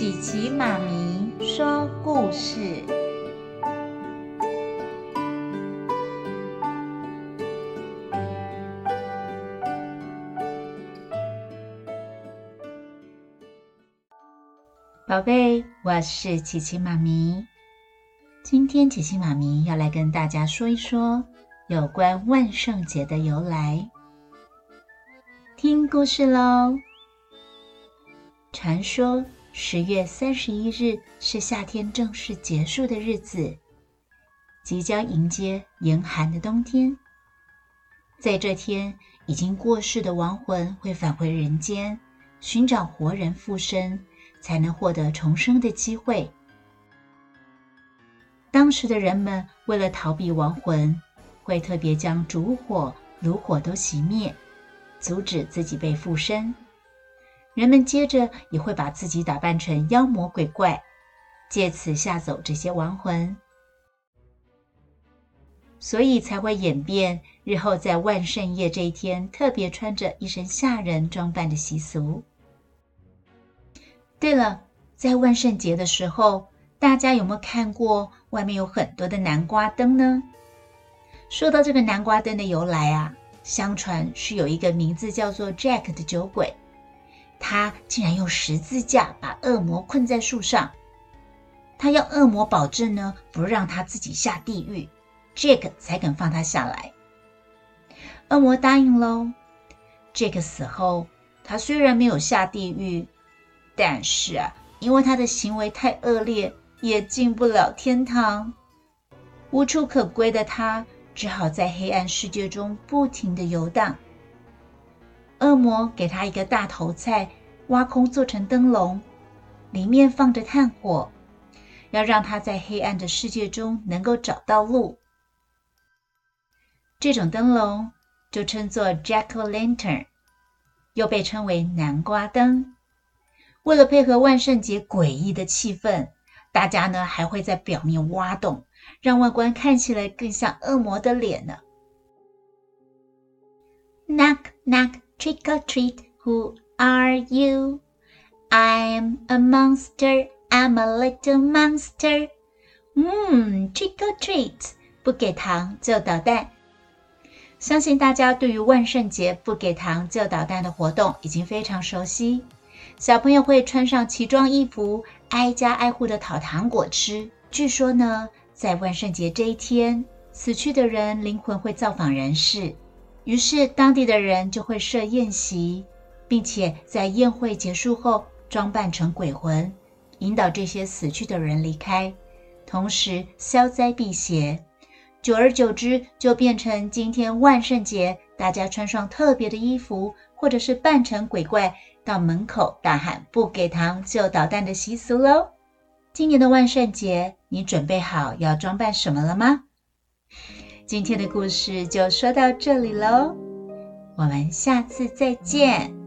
琪琪媽咪說故事，寶貝，我是琪琪媽咪。今天琪琪媽咪要來跟大家說一說有關萬聖節的由來，聽故事嘍。傳說。十月三十一日是夏天正式結束的日子，即將迎接嚴寒的冬天。在這天，已經過世的亡魂會返回人間，尋找活人附身，才能獲得重生的機會。當時的人們為了逃避亡魂，會特別將燭火、爐火都熄滅，阻止自己被附身。人們接着也會把自己打扮成妖魔鬼怪，借此嚇走這些亡魂，所以才會演變日後在萬聖夜這一天特別穿着一身嚇人裝扮的習俗。對了，在萬聖節的時候，大家有沒有看過外面有很多的南瓜燈呢？說到這個南瓜燈的由來啊，相傳是有一個名字叫做 Jack 的酒鬼。他竟然用十字架把惡魔困在樹上，他要惡魔保證呢，不讓他自己下地獄，傑克才肯放他下來。惡魔答應嘍。傑克死後，他雖然沒有下地獄，但是啊，因為他的行為太惡劣，也進不了天堂。無處可歸的他，只好在黑暗世界中不停地游蕩。惡魔給他一個大頭菜，挖空做成燈籠，裡面放着炭火，要讓他在黑暗的世界中能夠找到路。這種燈籠就稱作 Jack-o'-Lantern，又被稱為南瓜燈。為了配合萬聖節詭異的氣氛，大家呢還會在表面挖洞，讓外觀看起來更像惡魔的臉呢。Knock knock。Trick or treat, who are you? I'm a monster. I'm a little monster. 嗯、mm, trick or treat, 不給糖就搗蛋。相信大家對於萬聖節不給糖就搗蛋的活動已經非常熟悉，小朋友會穿上奇裝異服，挨家挨戶的討糖果吃。據說呢，在萬聖節這一天，死去的人靈魂會造訪人世。於是當地的人就會設宴席，並且在宴會結束後裝扮成鬼魂，引導這些死去的人離開，同時消災避邪。久而久之，就變成今天萬聖節，大家穿上特別的衣服，或者是扮成鬼怪到門口大喊“不給糖就搗蛋”的習俗嘍。今年的萬聖節，你準備好要裝扮什麼了嗎？今天的故事就說到這裡嘍，我們下次再見。